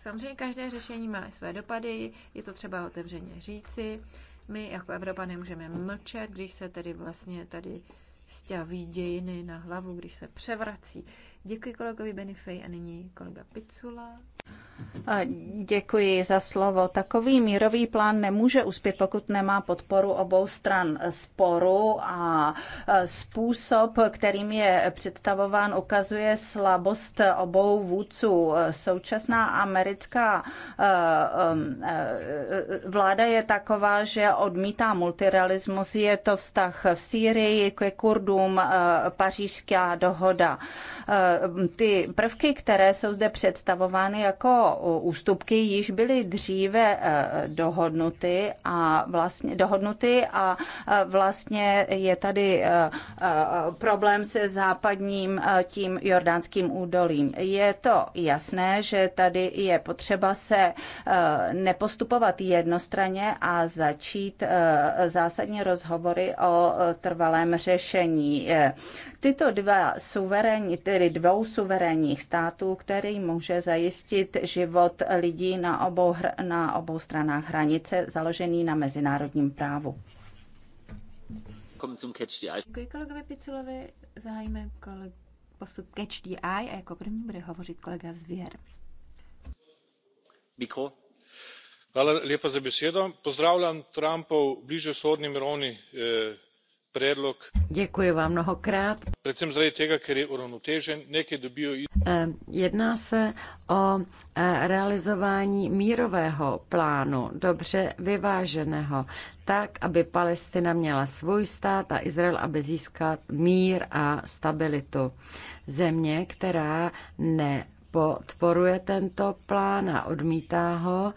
Samozřejmě každé řešení má své dopady, je to třeba otevřeně říci. My jako Evropa nemůžeme mlčet, když se tedy vlastně tady stěví dějiny na hlavu, když se převrací Děkuji kolegovi Benifej a nyní kolega Picula. Děkuji za slovo. Takový mírový plán nemůže uspět, pokud nemá podporu obou stran sporu a způsob, kterým je představován, ukazuje slabost obou vůdců. Současná americká vláda je taková, že odmítá multirealismus. Je to vztah v Sýrii ke Kurdům, pařížská dohoda. Eh, ty prvky, které jsou zde představovány jako ústupky, již byly dříve eh, dohodnuty a vlastně dohodnuty a eh, vlastně je tady problém se západním tím jordánským údolím. Je to jasné, že tady je potřeba se nepostupovat jednostranně a začít zásadní rozhovory o trvalém řešení. Tyto dva suverénní, tedy dvou suverénních států, který může zajistit život lidí na obou, na obou stranách hranice, založený na mezinárodním právu. Děkuji kolegovi Piculovi. zájme koleg- postup Catch the Eye a jako první bude hovořit kolega Zvěr. Mikro. Hvala lepa za besedo. Pozdravljam Trumpov sodni mirovni eh, Predlog. vám mnohokrát. Predvsem zaradi tega, ker je uravnotežen, nekaj dobijo. Eh, jedná se o eh, realizování mírového plánu, dobře vyváženého, tak, aby Palestina měla svůj stát a Izrael, aby získal mír a stabilitu. Země, která nepodporuje tento plán a odmítá ho,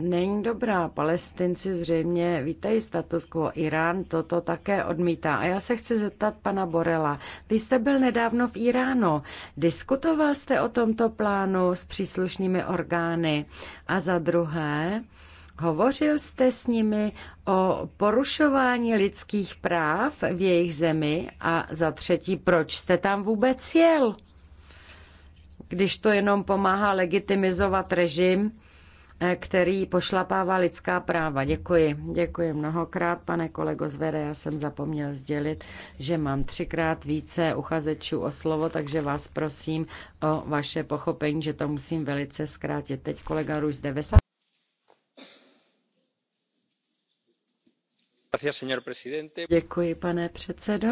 není dobrá. Palestinci zřejmě vítají status quo. Irán toto také odmítá. A já se chci zeptat pana Borela. Vy jste byl nedávno v Iránu. Diskutoval jste o tomto plánu s příslušnými orgány? A za druhé, Hovořil jste s nimi o porušování lidských práv v jejich zemi a za třetí, proč jste tam vůbec jel? když to jenom pomáhá legitimizovat režim, eh, který pošlapává lidská práva. Děkuji. Děkuji mnohokrát, pane kolego Zvere. Já jsem zapomněl sdělit, že mám třikrát více uchazečů o slovo, takže vás prosím o vaše pochopení, že to musím velice zkrátit. Teď kolega Ruiz de Vesa. Děkuji, pane předsedo.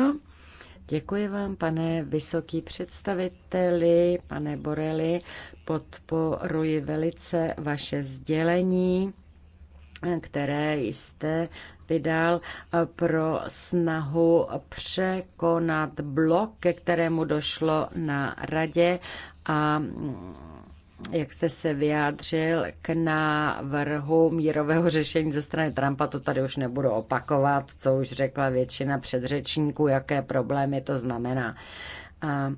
Děkuji vám, pane vysoký představiteli, pane Boreli. Podporuji velice vaše sdělení, které jste vydal pro snahu překonat blok, ke kterému došlo na radě a jak jste se vyjádřil k návrhu mírového řešení ze strany Trumpa, to tady už nebudu opakovat, co už řekla většina předřečníků, jaké problémy to znamená. A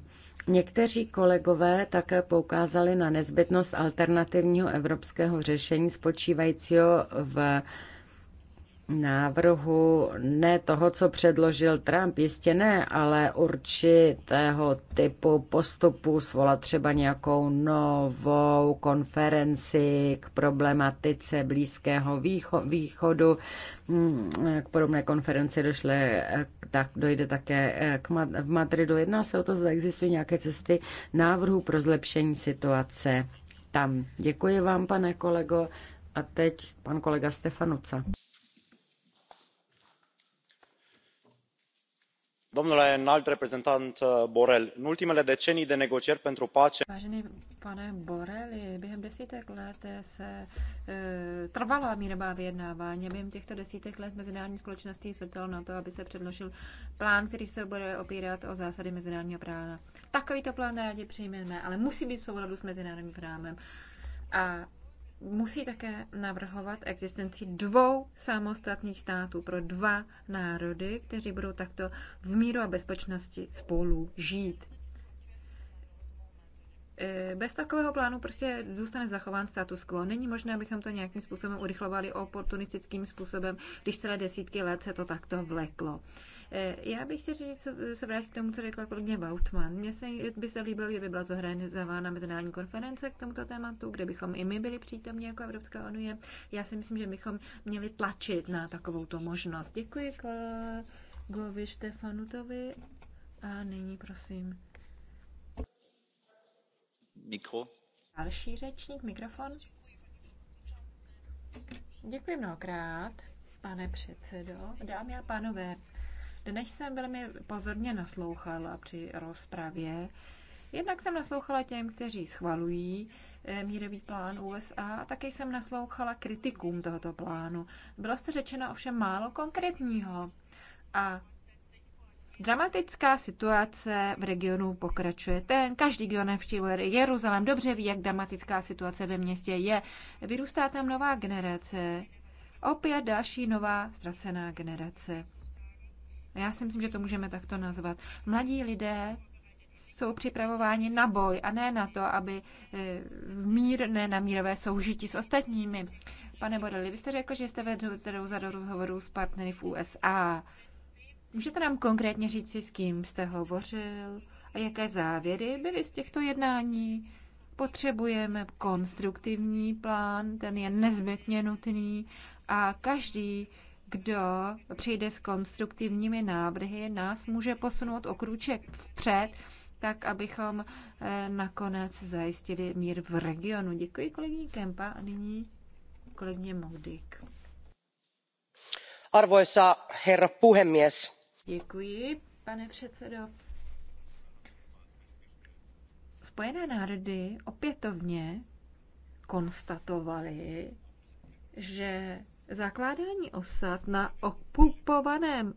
Někteří kolegové také poukázali na nezbytnost alternativního evropského řešení spočívajícího v návrhu, ne toho, co předložil Trump, jistě ne, ale určitého typu postupu svolat třeba nějakou novou konferenci k problematice Blízkého východu. Mm, k podobné konferenci došle, eh, tak dojde také eh, k, v Madridu. Jedná se o to, zda existují nějaké cesty návrhu pro zlepšení situace tam. Děkuji vám, pane kolego. A teď pan kolega Stefanuca. domnule înalt reprezentant uh, borrell în ultimele decenii de negocieri pentru pace. vážený pane borrelli během desítek let se e, trvala mírová vyjednávání a během těchto desítek let mezinárodní společnosti tvrdilo na to, aby se předložil plán, který se bude opírat o zásady mezinárodního práva. Takovýto plán rádi přijmeme, ale musí být v souladu s mezinárodním právem. A musí také navrhovat existenci dvou samostatných států pro dva národy, kteří budou takto v míru a bezpečnosti spolu žít. E, bez takového plánu prostě zůstane zachován status quo. Není možné, abychom to nějakým způsobem urychlovali oportunistickým způsobem, když celé desítky let se to takto vleklo. Eh, já bych chtěl říct, co se vrátí k tomu, co řekla kolegyně Bautman. Mně se, by se líbilo, kdyby byla zohranizována mezinárodní konference k tomuto tématu, kde bychom i my byli přítomni jako Evropská unie. Já si myslím, že bychom měli tlačit na takovou tu možnost. Děkuji kolegovi Štefanutovi a nyní prosím. Mikro. Další řečník, mikrofon. Děkuji mnohokrát, pane předsedo. Dámy a pánové, dnes jsem velmi pozorně naslouchala při rozpravě. Jednak jsem naslouchala těm, kteří schvalují eh, mírový plán USA a také jsem naslouchala kritikům tohoto plánu. Bylo jste řečeno ovšem málo konkrétního. A Dramatická situace v regionu pokračuje. Ten každý, kdo nevštívuje Jeruzalém, dobře ví, jak dramatická situace ve městě je. Vyrůstá tam nová generace, opět další nová ztracená generace. A já si myslím, že to můžeme takto nazvat. Mladí lidé jsou připravováni na boj a ne na to, aby eh, mír, ne na mírové soužití s ostatními. Pane Borelli, vy jste řekl, že jste vedou za do rozhovoru s partnery v USA. Můžete nám konkrétně říct si, s kým jste hovořil a jaké závěry byly z těchto jednání? Potřebujeme konstruktivní plán, ten je nezbytně nutný a každý kdo přijde s konstruktivními návrhy, nás může posunout o krůček vpřed, tak abychom eh, nakonec zajistili mír v regionu. Děkuji kolegyni Kempa a nyní kolegyně Mogdik. Arvoisa herra puhemies. Děkuji, pane předsedo. Spojené národy opětovně konstatovaly, že Zakládání osad na okupovaném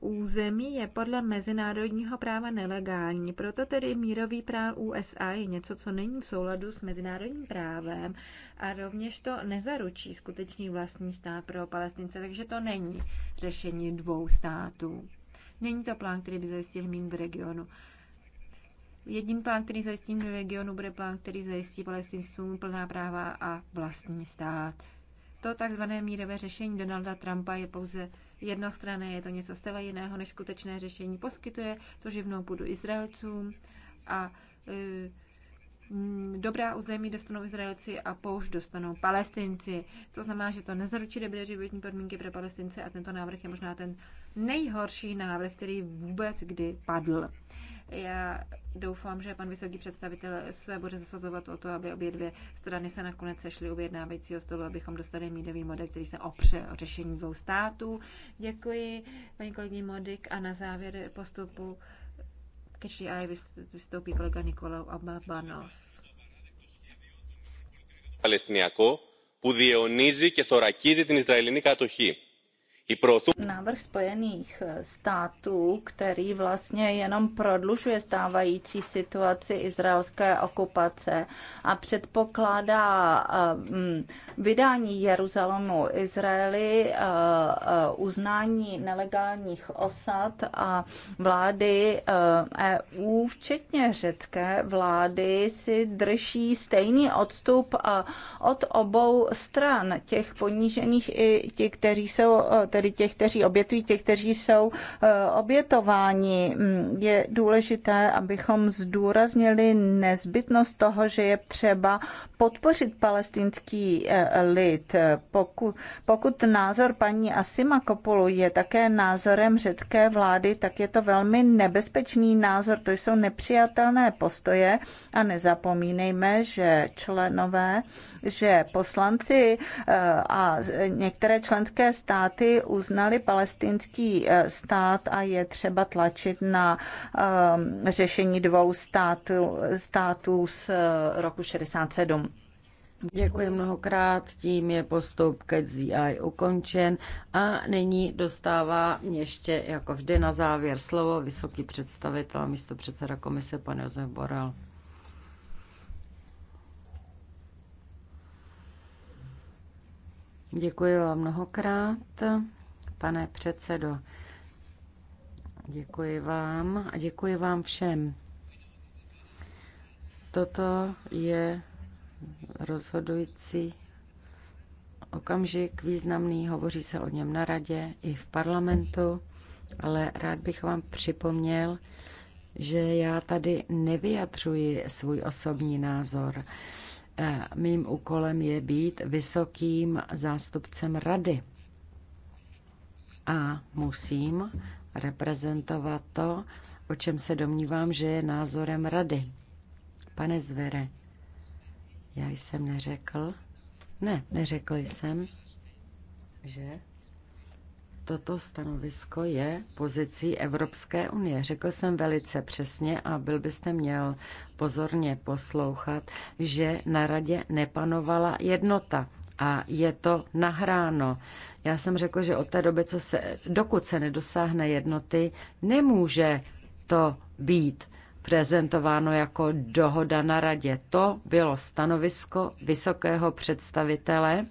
území je podle mezinárodního práva nelegální. Proto tedy mírový práv USA je něco, co není v souladu s mezinárodním právem a rovněž to nezaručí skutečný vlastní stát pro Palestince, takže to není řešení dvou států. Není to plán, který by zajistil mín v regionu. Jediný plán, který zajistí v regionu, bude plán, který zajistí palestincům plná práva a vlastní stát. To tzv. mírové řešení Donalda Trumpa je pouze jednostranné, je to něco zcela jiného než skutečné řešení. Poskytuje to živnou půdu Izraelcům a y, e, dobrá území dostanou Izraelci a poušť dostanou Palestinci. To znamená, že to nezaručí dobré životní podmínky pro Palestince a tento návrh je možná ten nejhorší návrh, který vůbec kdy padl. Já doufám, že pan vysoký představitel se bude zasazovat o to, aby obě dvě strany se nakonec sešly u vyjednávajícího stolu, abychom dostali mídový model, který se opře o řešení dvou států. Děkuji paní kolegyni Modik a na závěr postupu ke HDI vystoupí kolega Nikolau Ababanos. Palestiniako, που διαιωνίζει και θωρακίζει την Ισραηλινή κατοχή. Návrh Spojených eh, států, který vlastně jenom prodlužuje stávající situaci izraelské okupace a předpokládá eh, mm, vydání Jeruzalému Izraeli, eh, uznání nelegálních osad a vlády EU, e včetně řecké vlády, si drží stejný odstup od obou stran, těch ponížených i ti, kteří jsou tedy těch, kteří obětují, těch, kteří jsou eh, obětováni. Mm, je důležité, abychom zdůraznili nezbytnost toho, že je třeba podpořit palestinský eh, lid. Pokud, pokud názor paní Kopolu je také názorem řecké vlády, tak je to velmi nebezpečný názor. To jsou nepřijatelné postoje a nezapomínejme, že členové, že poslanci eh, a některé členské státy uznali palestinský eh, stát a je třeba tlačit na řešení dvou států, států z roku 67. Děkuji mnohokrát, tím je postup ke ZI ukončen a nyní dostává ještě jako vždy na závěr slovo vysoký představitel a místo předseda komise pan Josef Borel. Děkuji vám mnohokrát, pane předsedo. Děkuji vám a děkuji vám všem. Toto je rozhodující okamžik, významný, hovoří se o něm na radě i v parlamentu, ale rád bych vám připomněl, že já tady nevyjadřuji svůj osobní názor. E, mým úkolem je být vysokým zástupcem rady. A musím reprezentovat to, o čem se domnívám, že je názorem rady. Pane Zvere, já jsem neřekl, ne, neřekl jsem, že toto stanovisko je pozicí Evropské unie. Řekl jsem velice přesně a byl byste měl pozorně poslouchat, že na radě nepanovala jednota a je to nahráno. Já jsem řekl, že od té doby, co se, dokud se nedosáhne jednoty, nemůže to být prezentováno jako dohoda na radě. To bylo stanovisko vysokého představitele,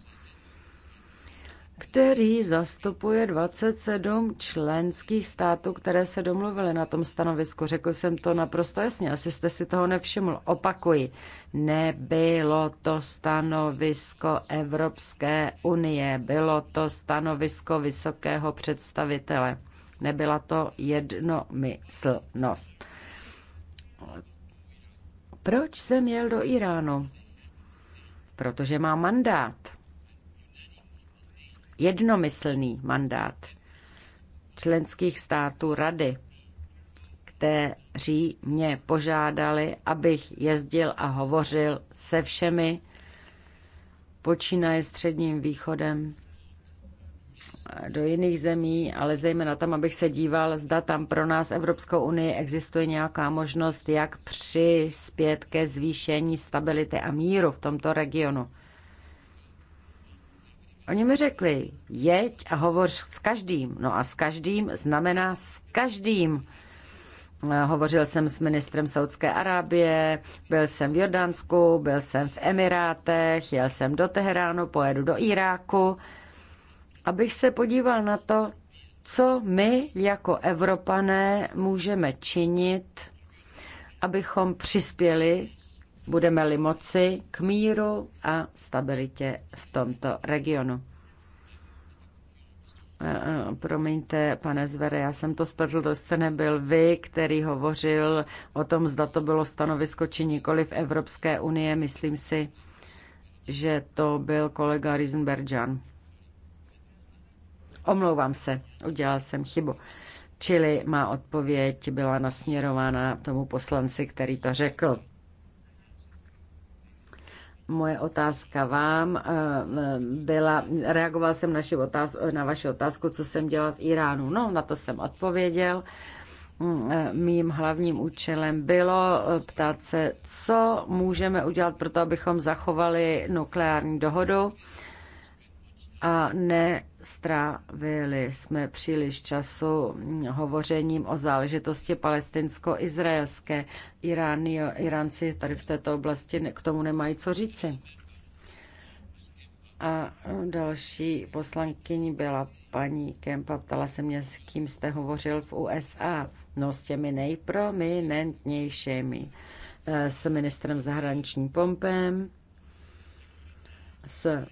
který zastupuje 27 členských států, které se domluvily na tom stanovisku. Řekl jsem to naprosto jasně, asi jste si toho nevšiml. Opakuji, nebylo to stanovisko Evropské unie, bylo to stanovisko vysokého představitele. Nebyla to jednomyslnost. Proč jsem jel do Iránu? Protože má mandát. Jednomyslný mandát členských států rady, kteří mě požádali, abych jezdil a hovořil se všemi, počínaje středním východem do jiných zemí, ale zejména tam, abych se díval, zda tam pro nás Evropskou unii existuje nějaká možnost, jak přispět ke zvýšení stability a míru v tomto regionu. Oni mi řekli, jeď a hovoř s každým. No a s každým znamená s každým. Hovořil jsem s ministrem Saudské Arábie, byl jsem v Jordánsku, byl jsem v Emirátech, jel jsem do Teheránu, pojedu do Iráku abych se podíval na to, co my jako Evropané můžeme činit, abychom přispěli, budeme-li moci, k míru a stabilitě v tomto regionu. Eh, eh, promiňte, pane Zvere, já jsem to spadl, to jste nebyl vy, který hovořil o tom, zda to bylo stanovisko či nikoli v Evropské unie. Myslím si, že to byl kolega Risenberjan. Omlouvám se, udělal jsem chybu. Čili má odpověď byla nasměrována tomu poslanci, který to řekl. Moje otázka vám eh, byla, reagoval jsem naši otáz, na vaši otázku, co jsem dělal v Iránu. No, na to jsem odpověděl. Mm, eh, mým hlavním účelem bylo eh, ptát se, co můžeme udělat pro to, abychom zachovali nukleární dohodu a nestrávili jsme příliš času hovořením o záležitosti palestinsko-izraelské. Iráni, Iránci tady v této oblasti k tomu nemají co říci. A další poslankyní byla paní Kempa. Ptala se mě, s kým jste hovořil v USA. No s těmi nejprominentnějšími. Eh, s ministrem zahraničním Pompem, s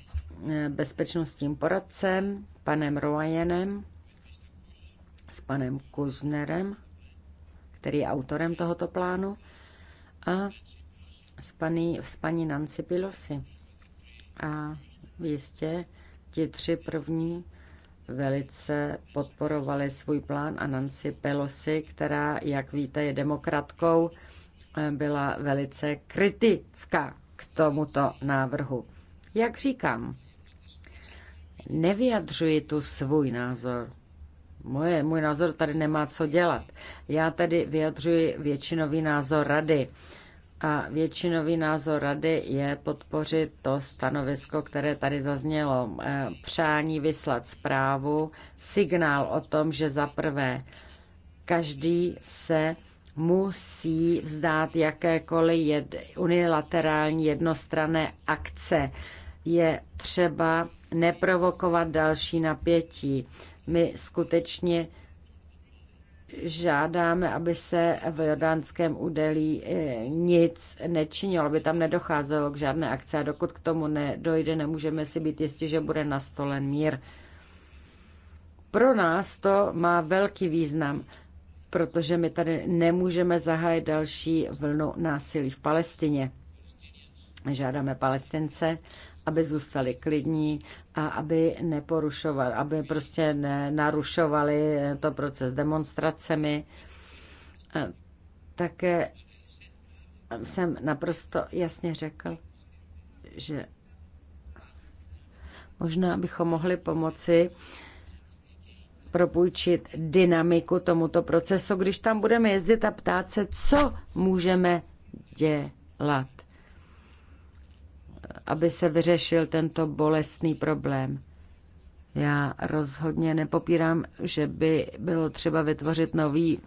Eh, bezpečnostním poradcem, panem Roajenem, s panem Kuznerem, který je autorem tohoto plánu, a s paní, s paní Nancy Pilosi. A jistě ti tři první velice podporovali svůj plán a Nancy Pelosi, která, jak víte, je demokratkou, eh, byla velice kritická k tomuto návrhu. Jak říkám, nevyjadřuji tu svůj názor. Moje, můj názor tady nemá co dělat. Já tady vyjadřuji většinový názor rady. A většinový názor rady je podpořit to stanovisko, které tady zaznělo. E, přání vyslat zprávu, signál o tom, že za prvé každý se musí vzdát jakékoliv jed, unilaterální jednostrané akce. Je třeba neprovokovat další napětí. My skutečně žádáme, aby se v jordánském údelí eh, nic nečinilo, aby tam nedocházelo k žádné akci a dokud k tomu nedojde, nemůžeme si být jistí, že bude nastolen mír. Pro nás to má velký význam, protože my tady nemůžeme zahájit další vlnu násilí v Palestině. Žádáme Palestince, aby zůstali klidní a aby neporušovali, aby prostě narušovali to proces demonstracemi. Také jsem naprosto jasně řekl, že možná bychom mohli pomoci propůjčit dynamiku tomuto procesu, když tam budeme jezdit a ptát se, co můžeme dělat aby se vyřešil tento bolestný problém. Já rozhodně nepopírám, že by bylo třeba vytvořit nový,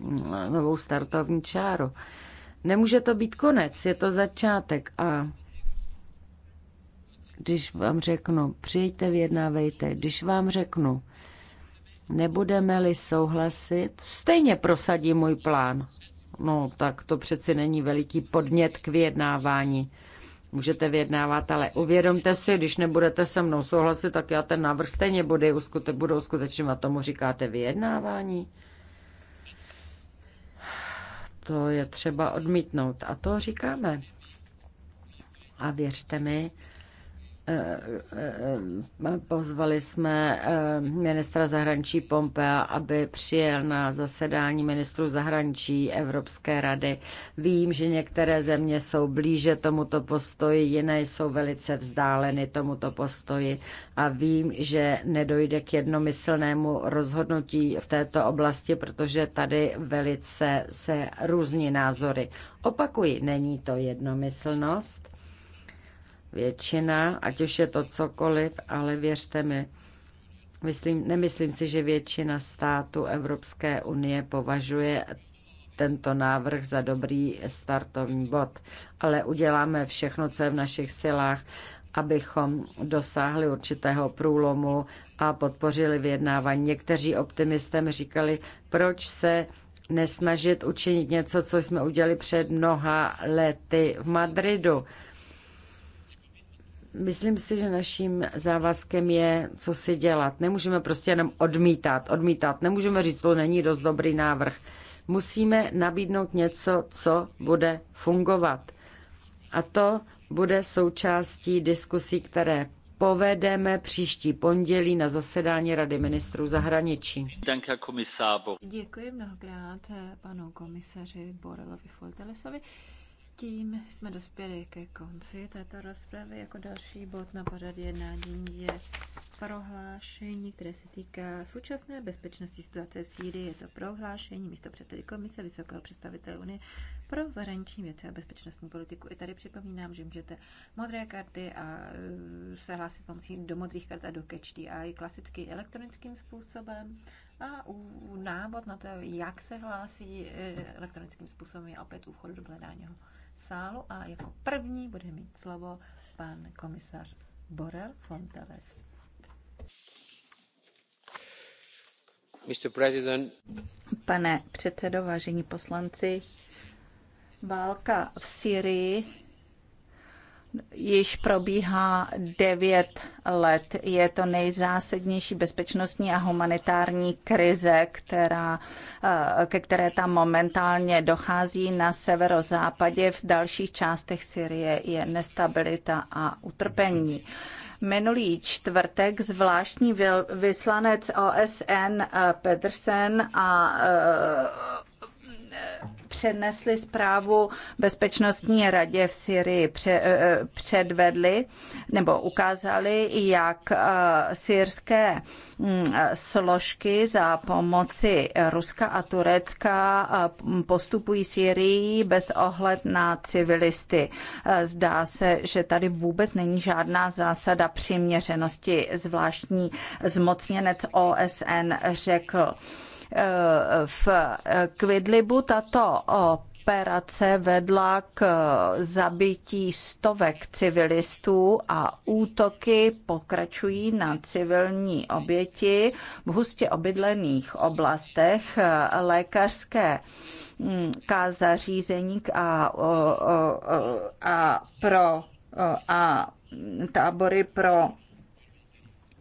novou startovní čáru. Nemůže to být konec, je to začátek a když vám řeknu, přijďte, vyjednávejte, když vám řeknu, nebudeme-li souhlasit, stejně prosadí můj plán. No, tak to přeci není veliký podnět k vyjednávání můžete vyjednávat, ale uvědomte si, když nebudete se mnou souhlasit, tak já ten návrh stejně bude uskute, budu uskutečňovat. Tomu říkáte vyjednávání. To je třeba odmítnout. A to říkáme. A věřte mi, Eh, eh, eh, pozvali jsme ministra zahraničí Pompea, aby přijel na zasedání ministrů zahraničí Evropské rady. Vím, že některé země jsou blíže tomuto postoji, jiné jsou velice vzdáleny tomuto postoji a vím, že nedojde k jednomyslnému rozhodnutí v této oblasti, protože tady velice se různí názory. Opakuji, není to jednomyslnost, většina, ať už je to cokoliv, ale věřte mi, myslím, nemyslím si, že většina států Evropské unie považuje tento návrh za dobrý startovní bod, ale uděláme všechno, co je v našich silách, abychom dosáhli určitého průlomu a podpořili vyjednávání. Někteří mi říkali, proč se nesnažit učinit něco, co jsme udělali před mnoha lety v Madridu. Myslím si, že naším závazkem je, co si dělat. Nemůžeme prostě jenom odmítat, odmítat. Nemůžeme říct, to není dost dobrý návrh. Musíme nabídnout něco, co bude fungovat. A to bude součástí diskusí, které povedeme příští pondělí na zasedání Rady ministrů zahraničí. Děkuji mnohokrát panu komisaři Borelovi Foltelesovi. Tím jsme dospěli ke konci této rozpravy. Jako další bod na pořad jednání je prohlášení, které se týká současné bezpečnosti situace v Sýrii. Je to prohlášení místo předsedy komise Vysokého představitele Unie pro zahraniční věci a bezpečnostní politiku. I tady připomínám, že můžete modré karty a e, se hlásit pomocí do modrých kart a do kečty a i klasicky elektronickým způsobem. A u návod na to, jak se hlásí e, elektronickým způsobem, je opět u vchodu do hledání sálu a jako první bude mít slovo pan komisař Borel Fonteles. Pane předsedo, vážení poslanci, válka v Syrii již probíhá devět let. Je to nejzásadnější bezpečnostní a humanitární krize, která, eh, ke které tam momentálně dochází na severozápadě. V dalších částech Syrie je nestabilita a utrpení. Minulý čtvrtek zvláštní vyslanec OSN eh, Pedersen a eh, přenesli zprávu Bezpečnostní radě v Syrii, eh, eh, předvedli nebo ukázali, jak eh, syrské mm, složky za pomoci Ruska a Turecka postupují Syrii bez ohled na civilisty. Zdá se, že tady vůbec není žádná zásada přiměřenosti. Zvláštní zmocněnec OSN řekl, v eh, Kvidlibu tato operace vedla k eh, zabití stovek civilistů a útoky pokračují na civilní oběti v hustě obydlených oblastech lékařské mm, k zařízení a, a, a pro a tábory pro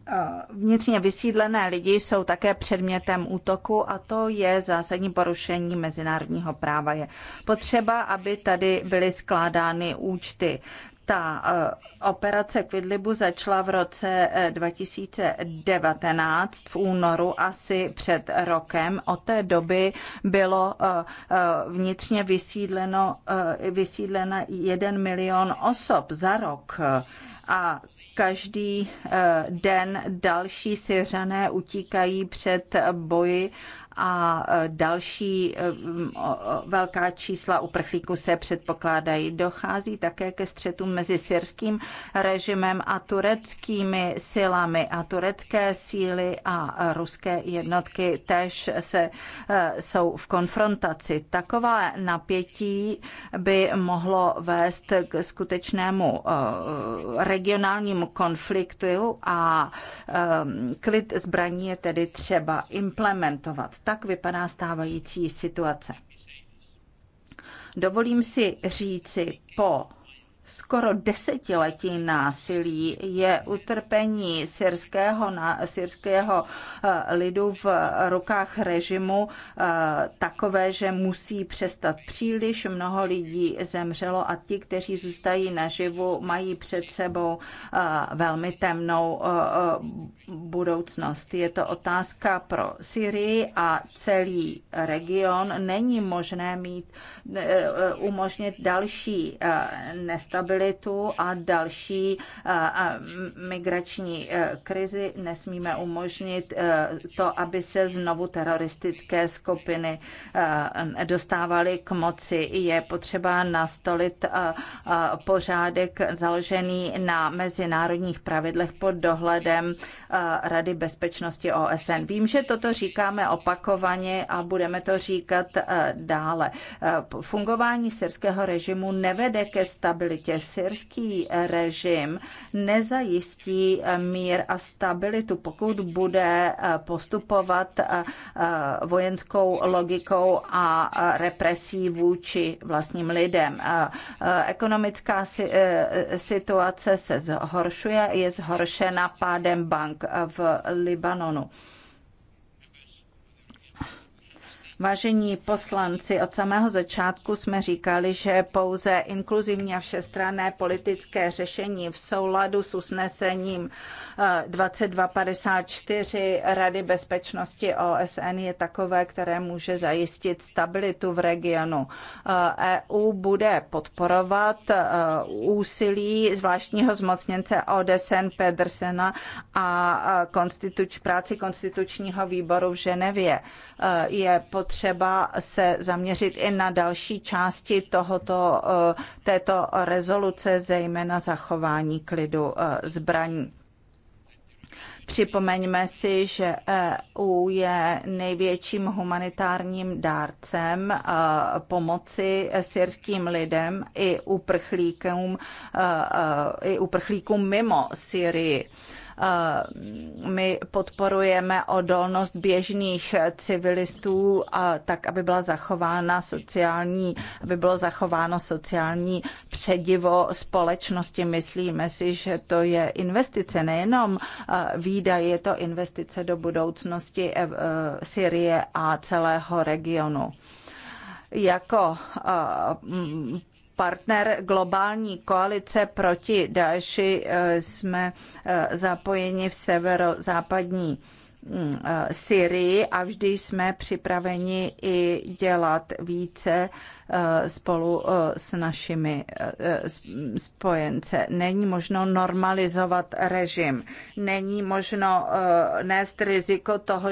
Eh, vnitřně vysídlené lidi jsou také předmětem útoku a to je zásadní porušení mezinárodního práva. Je potřeba, aby tady byly skládány účty. Ta eh, operace Quidlibu začala v roce 2019 eh, v únoru, asi před rokem. Od té doby bylo vnitřně vysídleno, vysídlena 1 milion osob za rok. A Každý eh, den další Syřané utíkají před boji a e, další e, velká čísla uprchlíků se předpokládají. Dochází také ke střetům mezi syrským režimem a tureckými silami a turecké síly a ruské jednotky tež se, e, jsou v konfrontaci. Takové napětí by mohlo vést k skutečnému regionálnímu konfliktu a klid zbraní je tedy třeba implementovat. Tak vypadá stávající situace. Dovolím si říci po skoro desetiletí násilí je utrpení syrského, na, syrského eh, lidu v rukách režimu eh, takové, že musí přestat příliš. Mnoho lidí zemřelo a ti, kteří zůstají naživu, mají před sebou eh, velmi temnou budoucnost. Je to otázka pro Syrii a celý region. Není možné mít umožnit další nestabilnost nestabilitu a další eh, eh, migrační eh, krizi. Nesmíme umožnit to, aby se znovu teroristické skupiny dostávaly k moci. Je potřeba nastolit pořádek založený na mezinárodních pravidlech pod dohledem Rady bezpečnosti OSN. Vím, že toto říkáme opakovaně a budeme to říkat dále. Fungování syrského režimu nevede ke stabilitě světě syrský režim nezajistí eh, mír a stabilitu, pokud bude eh, postupovat eh, vojenskou logikou a represí vůči vlastním lidem. Ekonomická situace se zhoršuje, je zhoršena pádem bank v Libanonu. Vážení poslanci, od samého začátku jsme říkali, že pouze inkluzivní a všestranné politické řešení v souladu s usnesením 2254 eh, Rady bezpečnosti OSN je takové, které může zajistit stabilitu v regionu. EU eh, e bude podporovat eh, úsilí zvláštního zmocněnce ODSN Pedersena a konstituč, práci konstitučního výboru v Ženevě. Je pod potřeba se zaměřit i na další části tohoto, eh, této rezoluce, zejména zachování klidu eh, zbraní. Připomeňme si, že EU je největším humanitárním dárcem eh, pomoci syrským lidem i uprchlíkům, i uprchlíkům mimo Syrii. Eh, my podporujeme odolnost běžných civilistů, a tak aby byla zachována sociální, aby bylo zachováno sociální předivo společnosti. Myslíme si, že to je investice, nejenom eh, výdaj, je to investice do budoucnosti eh, Syrie a celého regionu jako partner globální koalice proti Daeši. Eh, jsme eh, zapojeni v severozápadní mm, eh, Syrii a vždy jsme připraveni i dělat více spolu s našimi spojence. Není možno normalizovat režim, není možno nést riziko toho,